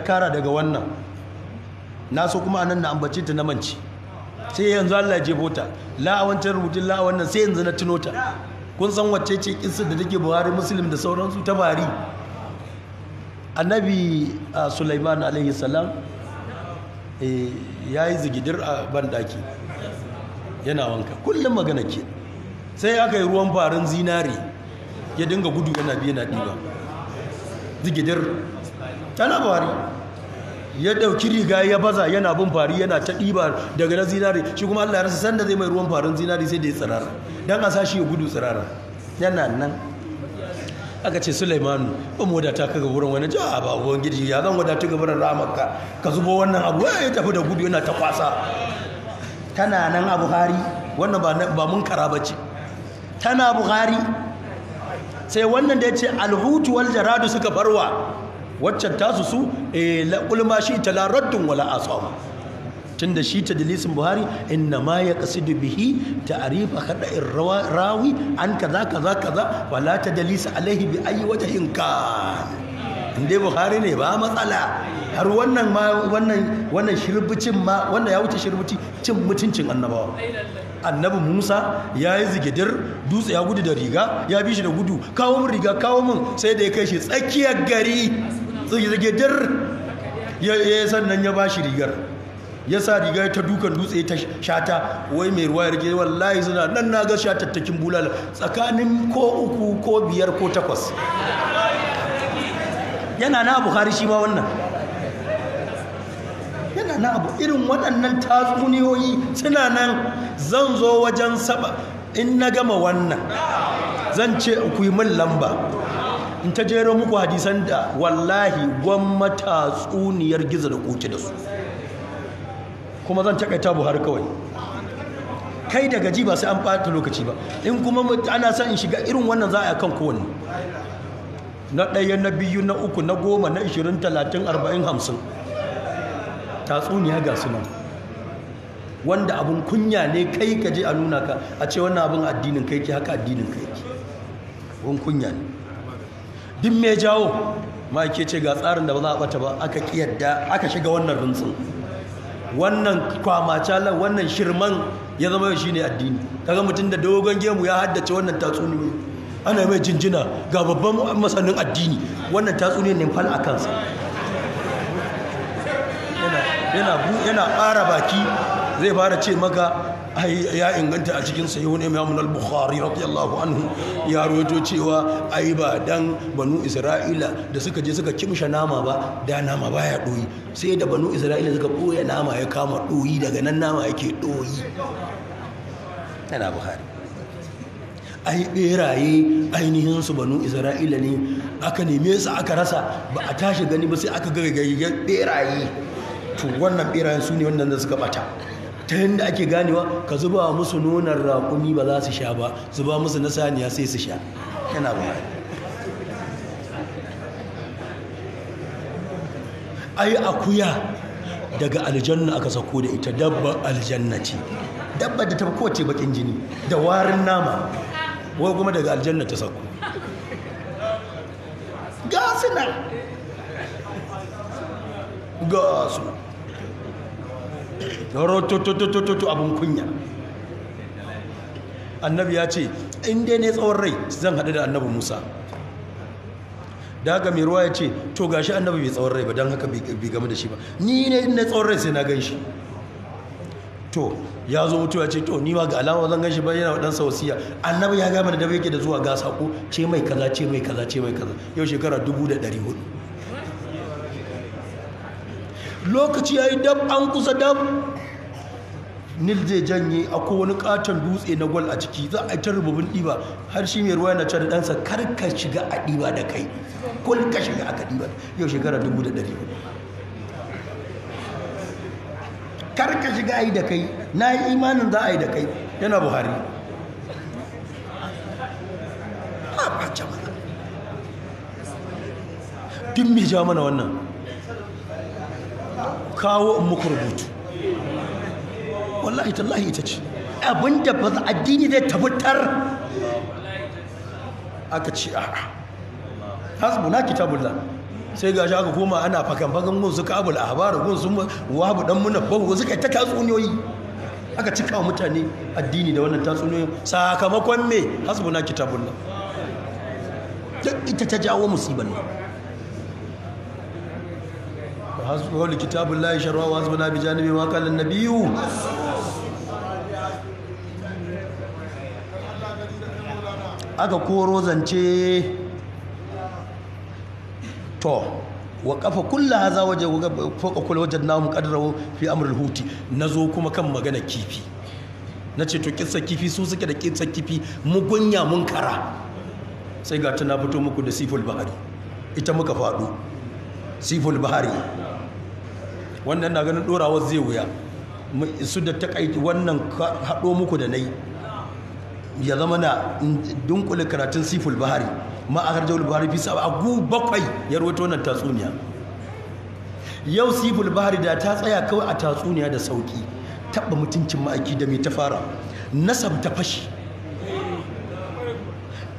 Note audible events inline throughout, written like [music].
kara daga wannan na so kuma anan na ambace ta na manci sai yanzu Allah je bota la wancan rubutun la wannan sai yanzu na tuno ta kun san wacce ce kissa da take Buhari Muslim da sauransu ta bari annabi Sulaiman alaihi salam eh, ya yi zigidir a bandaki yana wanka kullum magana ke sai aka yi ruwan farin zinare ya dinga gudu yana biya na ɗiba zigidir tana buhari ya dauki riga ya baza yana bin fari yana ta ɗiba daga na zinari shi kuma Allah ya san da zai mai ruwan farin zinari sai da ya tsirara dan a sashi ya gudu tsirara yana nan aka ce Sulaimanu in wadata ka ga wurin wani ja ba uwan gidi ya zan wadata ga wurin Ramakka ka zubo wannan abu ya tafi da gudu yana ta kwasa tana nan a Buhari wannan ba mun kara bace tana Buhari sai wannan da ya ce alhutu wal jaradu suka farwa waccan tasu su eh la kulma shi ta la raddun wala asama tunda shi ta dalisin buhari inna ma ya qasidu bihi ta'rif khada'ir rawi an kaza kaza kaza wala ta dalisa alaihi bi ayi wajhin ka inde buhari ne ba matsala har wannan ma wannan wannan shirbucin ma wanda ya wuce shirbuci cin mutuncin annabawa annabi musa ya yi zigidir dutse ya gudu da riga ya bi shi da gudu kawo min riga kawo min sai da ya kai shi tsakiyar gari zirgidir ya yi sannan ya ba shi rigar ya sa rigar ta dukan dutse ta shata wai mai ruwa ya rige wallahi suna nan na ga shatattakin bulala tsakanin ko uku ko biyar ko takwas yana na buhari shi ma wannan yana na abu irin waɗannan tatsuniyoyi suna nan zan zo wajen saba in na gama wannan zan ce ku yi min lamba in ta jero muku hadisan da wallahi gwamnata tsuniyar gizo da kuce da su kuma zan takaita har kawai kai da gaji ba sai an ɓata lokaci ba in kuma ana san in shiga irin wannan za a kan kowanne na ɗaya na biyu na uku na goma na ishirin talatin arba'in hamsin tsuniya ga su nan wanda abin kunya ne kai ka je a nuna ka a ce wannan abin addinin kai ke haka addinin kai ke wani kunya ne duk me jawo ma ke ce ga tsarin da ba za a bata ba aka kiyarda aka shiga wannan runtsin wannan kwamacalan wannan shirman ya zama shi ne addini kaga mutum da dogon gemu ya haddace wannan tatsuniyoyi ana mai jinjina ga babban masanin addini wannan tatsuniyo ne fal a kansa yana ƙara baki zai fara ce maka ai ya inganta a cikin sayo ne imam al-bukhari radiyallahu anhu ya rawaito cewa ai ba dan banu isra'ila da suka je suka kimsha nama ba da nama baya doyi sai da banu isra'ila suka boye nama ya kama doyi daga nan nama yake doyi yana bukhari ai beraye ainihin su banu isra'ila ne aka neme su aka rasa ba a tashi gani ba sai aka ga beraye to wannan beraye su ne wannan da suka bata ta yadda ake ganewa ka zuba musu nonon raƙumi ba za su sha ba zuba musu na saniya sai su sha yana ba ai akuya daga aljanna aka sako da ita dabba aljanna ce dabba da ta kowace bakin jini da warin nama wai kuma daga aljanna ta sako gasu na gasu. na garo tututututu abin kunya annabi ya ce in dai ne tsawon rai zan haɗu da annabi musa da mai ruwa ya ce to gashi annabi bai tsawon rai ba don haka bai game da shi ba ni ne inda tsawon rai sai na gan shi to ya zo mutuwa ce to ni ma ga alama zan gan shi ba yana waɗansa wasiya annabi ya gama da dabe yake da zuwa ga sako ce mai kaza ce mai kaza ce mai kaza yau shekara dubu da ɗari hudu lokaci ya yi dab an kusa dab nil zai janye akwai wani katon dutse na gwal a ciki za a ita ta rububin ɗiba har shi mai ruwa yana can ɗansa kar ka shiga a ɗiba da kai kul ka shiga aka ɗiba yau shekara dubu da ɗari kar ka shiga a yi da kai na yi imanin za a yi da kai yana buhari duk mai ja mana wannan kawo in muku rubutu wallahi tallahi ita ce da ba za addini zai tabbatar aka ce a hasbuna kitabullah sai gashi aka koma ana fakan fakan gun su kabul ahbar gun su wabu dan muna bahu suka ta tatsuniyoyi aka cika wa mutane addini da wannan tatsuniyoyi sakamakon me hasbuna kitabullah duk ita ta jawo musibar nan حسبه لكتاب الله شرعه na بجانبه ما قال النبي aka koro zance to wa kafa kullu haza waje faka kullu wajen namu qadrahu fi amrul huti kuma kan magana kifi nace to kissa kifi su suke da kissa kifi mun kara sai ga tana fito muku da siful bahari ita muka fadu siful bahari wannan na ganin dorawar zai wuya su da takaiti wannan haɗo muku da nayi ya zama na dunkule karatun siful bahari ma a bahari fi sa'a agu bakwai ya rawaito wannan tatsuniya yau siful bahari da ta tsaya kawai a tatsuniya da sauki taba mutuncin ma'aiki da mai ta fara nasab ta fashi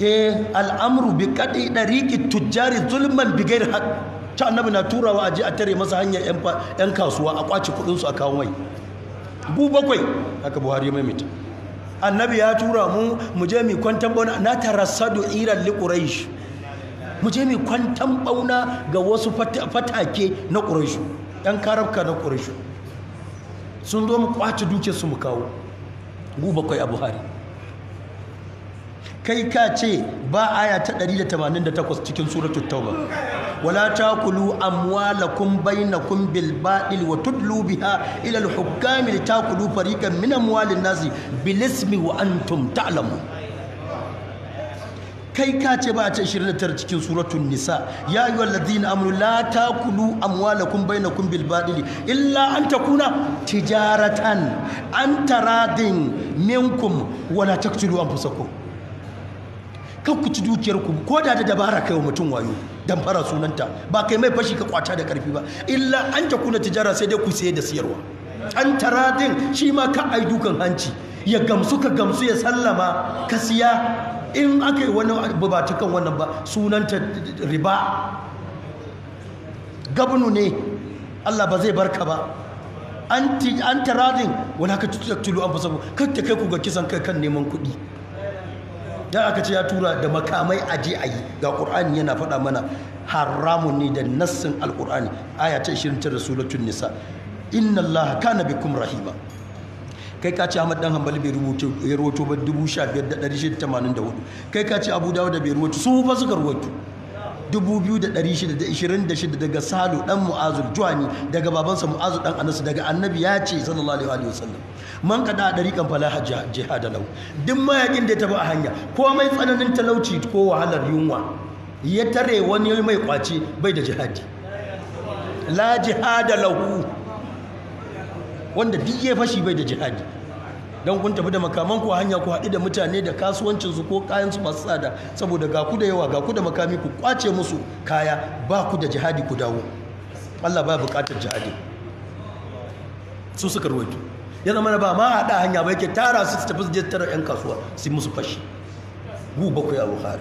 eh al'amuru bi da dariqi tujjari zulman bigar ghairi ta annabi na turawa a ji a tare masa hanyar yan kasuwa a kwace kuɗin su a kawo mai gu bakwai haka buhari ya maimaita annabi ya tura mu mu je mu kwantan bauna na tarassadu iran li quraish mu je mu kwantan bauna ga wasu fatake na quraish dan karabka na quraish sun zo mu kwace duke su mu kawo gu bakwai a buhari kai ka ce ba aya ta 188 cikin suratul tauba wala takulu amwalakum bainakum bil batil wa tudlu biha ila al hukami litakulu fariqan min amwalin nasi bil ismi wa kai ka ce ba a ce 29 cikin suratun nisa ya ayyuhal ladina amru la takulu amwalakum bainakum bil batil illa an takuna tijaratan an taradin minkum wala taqtulu anfusakum kan ku ci dukiyar ku ko da da dabara kai wa mutum wayo damfara sunanta ba kai mai fashi ka kwata da karfi ba illa an ta kuna tijara sai dai ku saye da siyarwa an taradin shi ma ka ai dukan hanci ya gamsu ka gamsu ya sallama ka siya in aka yi wani bubatukan wannan ba sunanta riba gabnu ne Allah ba zai barka ba an taradin tutu ka tulu an fasa ku kai ku ga kisan kai kan neman kuɗi da aka ce ya tura da makamai a je a yi ga ƙur'ani yana faɗa mana haramun ne da nassin alƙur'ani aya ta 29 suratul nisa inna allah kana bikum rahima kai ka ce Ahmad dan Hanbali bai rubuta ya rawato ba 15684 kai ka ce Abu Dawud bai rubuta su ba suka rawato 2626 daga salu dan mu'azul juwani daga babansa mu'azu dan anasu daga annabi ya ce sallallahu alaihi wasallam man dari kan fala jihad alau duk mayakin da ya tafi a hanya komai tsananin talauci ko wahalar yunwa ya tare wani mai kwace bai da jihadi la jihad alau wanda duk ya fashi bai da jihadi don kun tafi da makaman ku hanya ku haɗu da mutane da kasuwancin su ko kayan su masu tsada saboda ga ku da yawa ga ku da makami ku kwace musu kaya ba ku da jihadi ku dawo Allah ba buƙatar jihadi su suka ruwaito ya zama ba ma haɗa hanya ba yake tara su su tafi su je tara 'yan kasuwa su musu fashi bu bakwai a buhari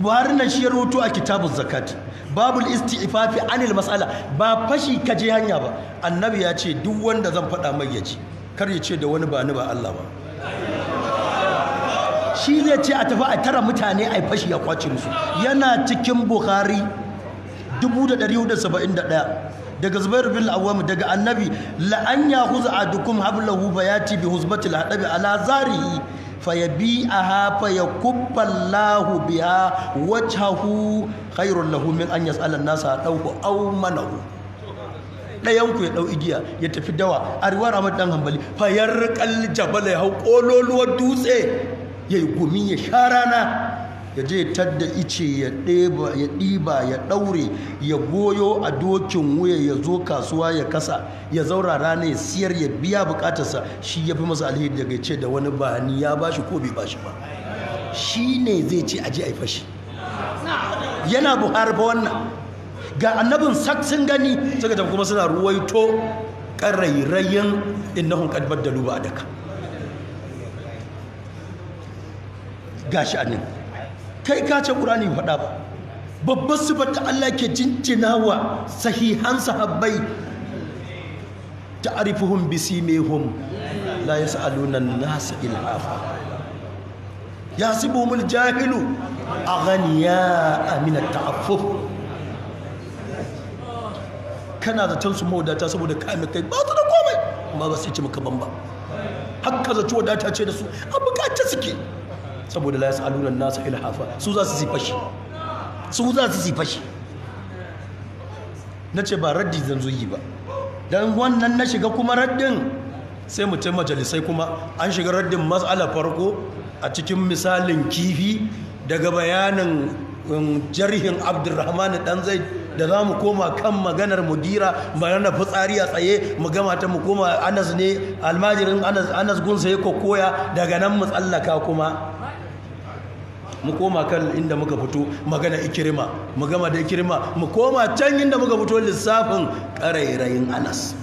buhari na shi ya a kitabun zakati babul ifafi anil mas'ala ba fashi kaje hanya ba annabi ya ce duk wanda zan faɗa mai ya ce kar ya ce da wani ba ni ba Allah ba shi zai ce a tafi a tara mutane a fashi ya kwace musu yana cikin bukhari 1471 daga Zubairu bin awam daga annabi la an yakhuz adukum hablahu bayati bi huzbatil hadabi ala zarihi ya bi ya hafa ya khairul lahu min an yas'ala nasa ɗauku Au manahu ɗayan ku ya ɗau igiya ya tafi dawa a riwar Ahmad dan hambali fayar yarqal jabal ya hau ƙololuwar dutse Ya yi gumi ya sha rana ya je tadda ice ya ɗiba ya ɗaure ya goyo a dokin wuya ya zo kasuwa ya kasa ya zaura rana ya siyar ya biya bukatarsa shi ya fi masa alheri daga ce da wani bahani ya ba shi ko bai ba shi ba shi ne zai ce aji a fashi yana buhari ba wannan ga annabin sun gani suka tafi kuma suna ruwaito ƙarairayin innahun ƙadbar da luba a daka a annin kai ka ce ƙurani faɗa ba babbar sifar ta Allah ke jinjina wa sahihan sahabbai ta'arifuhum bisimihum la yas'aluna an-nas ilhafa yasibuhumul jahilu aghniya min at-ta'affuf kana zaton su mawadata saboda kame kai ba su da komai amma ba su ce maka ban ba haka zaci wadata ce da su a bukace suke saboda la yasaluna nasu ilhafa su za su sifa shi su za su sifa shi na ce ba raddi zan zo yi ba dan wannan na shiga kuma raddin sai mu tai majalisai kuma an shiga raddin mas'ala farko a cikin misalin kifi daga bayanin um, jarihin abdurrahman dan zai da za mu koma kan maganar mudira maganar fitsari a tsaye mu gama ta mu koma anas ne almajirin anas anas gunsa ya kokoya daga nan mu tsallaka kuma mu koma kan inda muka fito magana ikirma mu gama da ikirma mu koma can inda muka fito lissafin karairayin anas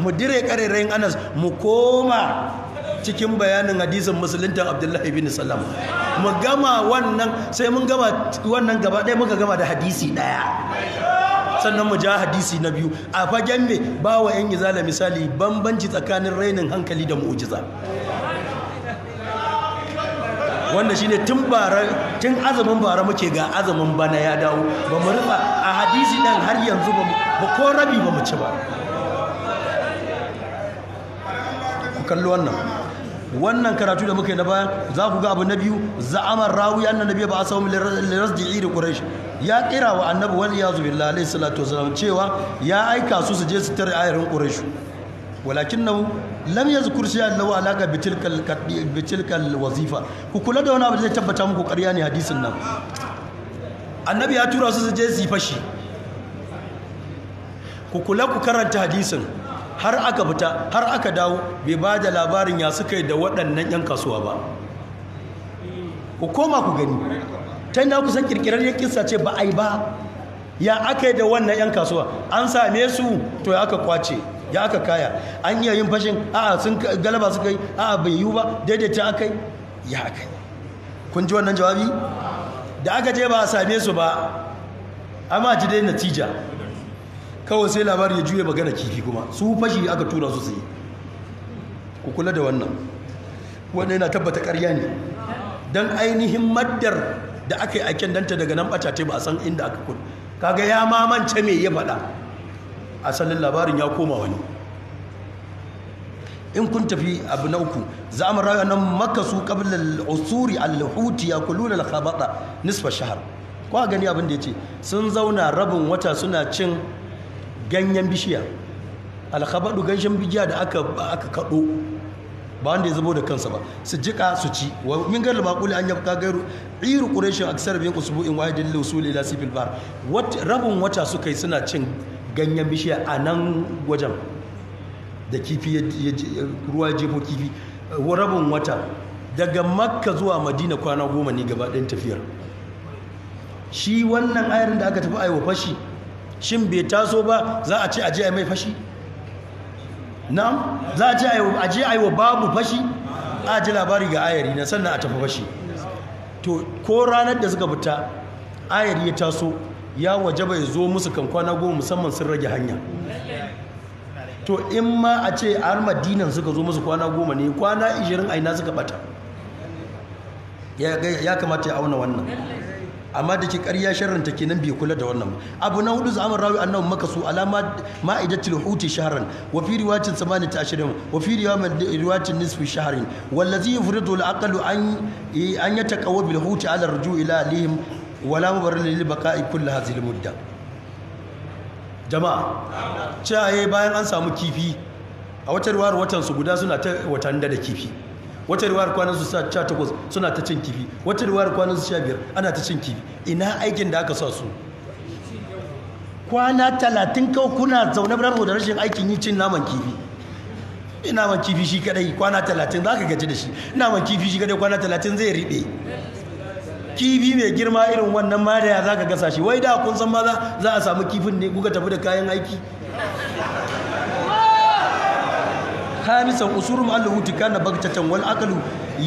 mu dire karairayin anas mu koma cikin bayanin hadisin musulunta abdullahi bin salam mu gama wannan sai mun gama wannan gaba ɗaya muka gama da hadisi ɗaya sannan mu ja hadisi na biyu a fagen mai ba wa yan izala misali bambanci tsakanin rainin hankali da mu'jiza wanda shine tun bara tun azumin bara muke ga azumin bana ya dawo ba mu rufa a hadisi dan har yanzu ba ko rabi ba mu ci ba ku wannan wannan karatu da muka yi na bayan za ku ga abu na biyu za'amar rawi annan nabi ba asawu liras da quraish ya kira wa annabi wani iyazu billahi alayhi salatu wasalam cewa ya aika su su je su tare ayarin quraish walakinnahu lam yazkur shay'an lahu alaka alaƙa bitilkal wazifa ku kula da wani abu zai tabbata muku ƙarya ne hadisin nan annabi ya tura su su je su fashi ku kula ku karanta hadisin har aka fita har aka dawo bai ba da labarin ya suka yi da waɗannan 'yan kasuwa ba ku koma ku gani ta yi kusan kirkirar ya kisa ce ba a yi ba ya aka yi da wannan 'yan kasuwa an same su to ya aka kwace ya aka kaya an iya yin fashin a'a sun galaba suka yi a'a bai yiwu ba daidaita aka yi ya aka yi kun ji wannan jawabi da aka je ba a same su ba amma ji dai natija kawai sai labari ya juye magana kifi kuma su fashi aka tura su su ku kula da wannan wannan yana tabbata karya ne don ainihin maddar da aka yi aiken danta daga nan ɓata ba a san inda aka kun kaga ya mamance mai ya faɗa asalin labarin ya koma wani in kun tafi abu na uku za mu rayu nan maka su kabilar usuri alhuti ya da lakabata nisfa shahar kwa gani abin da ya ce sun zauna rabin wata suna cin ganyen bishiya alkhabadu ganyen bishiya da aka aka kado ba wanda ya zabo da kansa ba su jika su ci wa min gal maqul an yabqa gairu iru quraish aksar bi usbu'in wa yadil usul ila sifil bar wat rabun wata su kai suna cin ganyen bishiya a nan wajen da kifi ruwa jefo kifi rabin wata daga makka zuwa madina kwana goma ne gaba ɗayan tafiyar shi wannan ayarin da aka tafi aiwa fashi shin bai taso ba za a ce ajiya mai fashi na'am za a ce ajiya yi wa babu fashi a ji labari ga ayari na sannan a tafi fashi to ko ranar da suka fita ayari ya taso ya waje bai zo musu kan kwana goma musamman sun rage hanya to in ma a ce har madinan suka zo musu kwana goma ne kwana 20 aina suka bata ya kamata ya auna wannan amma da ke ƙarya sharranta kenan bai kula da wannan abu na hudu zaman rawi maka su alama ma ma'idatul huti shahran wa fi riwayatin ta ashirin wa fi riwayatin nisfi shahrin wallazi yufridu al-aqlu an an yataqawwa bil huti ala ruju ila alihim wala mubarrin lil baqa'i kull hadhihi al-mudda jama'a cewa eh, bayan an samu kifi a wata ruwar watan su guda suna ta watan da kifi wata riwayar kwanan su takwas suna ta cin kifi wata riwayar kwanan su biyar ana ta cin kifi ina aikin da aka sa su kwana talatin kau kuna zaune bar da rashin aikin yi cin naman kifi ina man kifi shi kadai kwana talatin za ka gaji da shi ina man kifi shi kadai kwana talatin zai riɓe kifi mai girma irin wannan ma da ya za ka gasa shi wai da kun san maza za a samu kifin ne kuka tafi da kayan aiki khamisan usurum allahu tikana bagtatan wal aqlu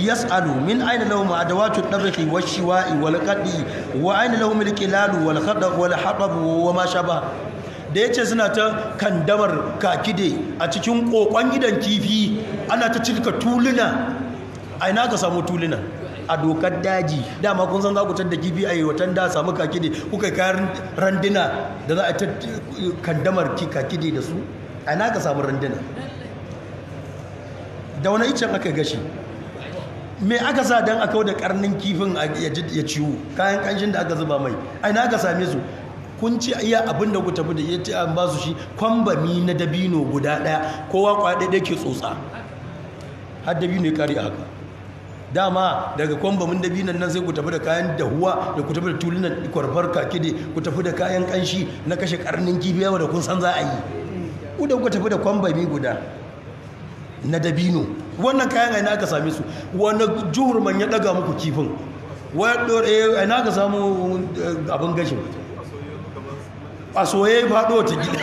yas'alu min aina lahum adawatu dabhi washiwa'i wal qadi wa aina lahum al qilalu wal khadab wal hatab wa ma shaba da yace suna ta kandamar kakide a cikin kokon gidan kifi ana ta cika tuluna aina ka samu tuluna a dokar daji dama kun san za ku tadda kifi a watan da samu kakide kuka kayan randina da za a ta kandamar kakide da su aina ka samu randina. da wani icen aka gashi me aka sa don a kawo da karnin kifin ya ciwo kayan kanshin da aka zuba mai aina aka same su kun ci iya abin da ku tafi da ya an ba su shi kwambami na dabino guda ɗaya kowa kwaɗe da ke tsotsa har dabino ya kare haka dama daga kwambamin dabinon nan sai ku tafi da kayan dahuwa da ku tafi da tulunan kwarfar da ku tafi da kayan kanshi na kashe karnin yawa da kun san za a yi ku da ku tafi da kwambami guda na dabino wannan kayan aina aka same su wani man ya daga muku kifin aina eh, aka samu eh, abin gashin a soye faɗo ta gida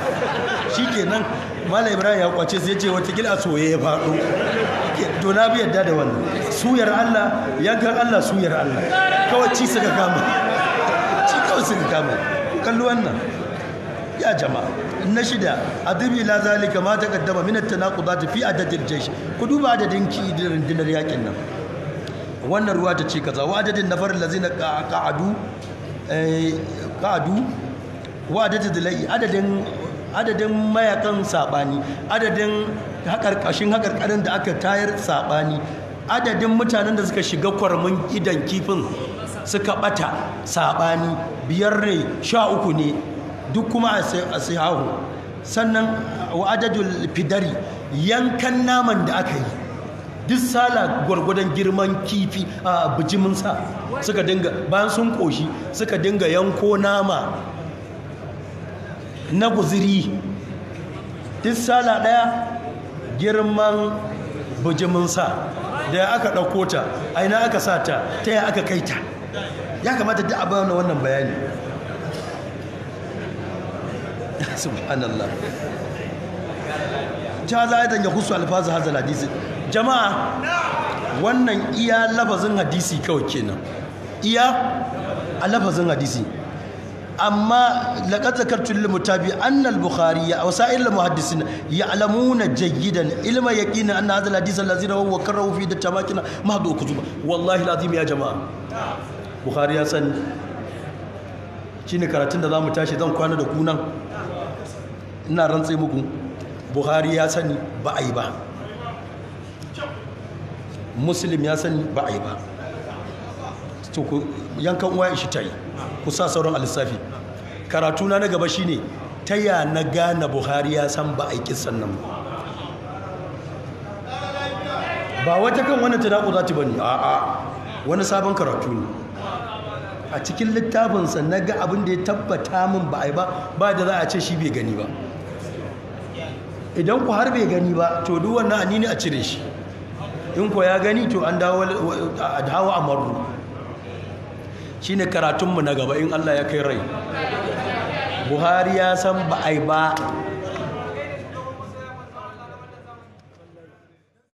[laughs] shi ke nan mala ibrahim ya kwace sai ce watakila a soye ya faɗo to na bi yadda da wannan suyar allah yankan allah suyar allah kawai ci suka kama ci kawai suka kama kalli wannan ya jama'a na shida adibi la zalika ma taqaddama min at-tanaqudat fi adadil jaysh ku duba adadin kidirin dinar yakin nan wannan ruwa ta ce kaza wa adadin nafar lazina qa'adu qa'adu eh, wa adadin dalai adadin adadin mayakan sabani adadin hakarkashin hakarkarin da aka tayar sabani adadin mutanen da suka shiga kwarmin gidan kifin suka bata sabani biyar ne sha uku ne duk kuma a sihahu sannan wa fidari yankan naman da aka yi duk sala gwargwadon girman kifi a bijiminsa suka dinga bayan sun koshi suka dinga yanko nama na guziri duk sala daya girman bijiminsa da aka ɗauko ta aina aka sa ta ta ya aka kaita ta ya kamata duk abin wannan bayani subhanallah jazaidan ya husu alfazu hazal hadisi jama'a wannan iya lafazin hadisi kawai kenan iya a lafazin hadisi amma laqad zakartu lil mutabi anna al bukhari wa sa'ir al muhaddisin ya'lamuna jayyidan ilma yaqina anna hadha al hadisi allazi rawahu wa karahu fi tamakin mahdu kutuba wallahi lazimi azim ya jama'a bukhari ya san shine karatun da za mu tashi zan kwana da ku ina rantse muku buhari ya sani ba a yi ba muslim ya sani ba a yi ba yankan uwa ishi ta yi ku sa sauran alisafi karatuna na gaba shine ta ya na gane buhari ya san ba a yi kisan nan ba ba wata kan wani tunaku za ta a a'a wani sabon karatu ne a cikin littafinsa na ga abin da ya tabbata min ba a yi ba ba da za a ce shi bai gani ba idan ku har bai gani ba to duk wannan anini a cire shi in ku ya gani to an dawo a maru shi ne karatunmu na gaba in Allah ya kai rai buhari ya san ba ai ba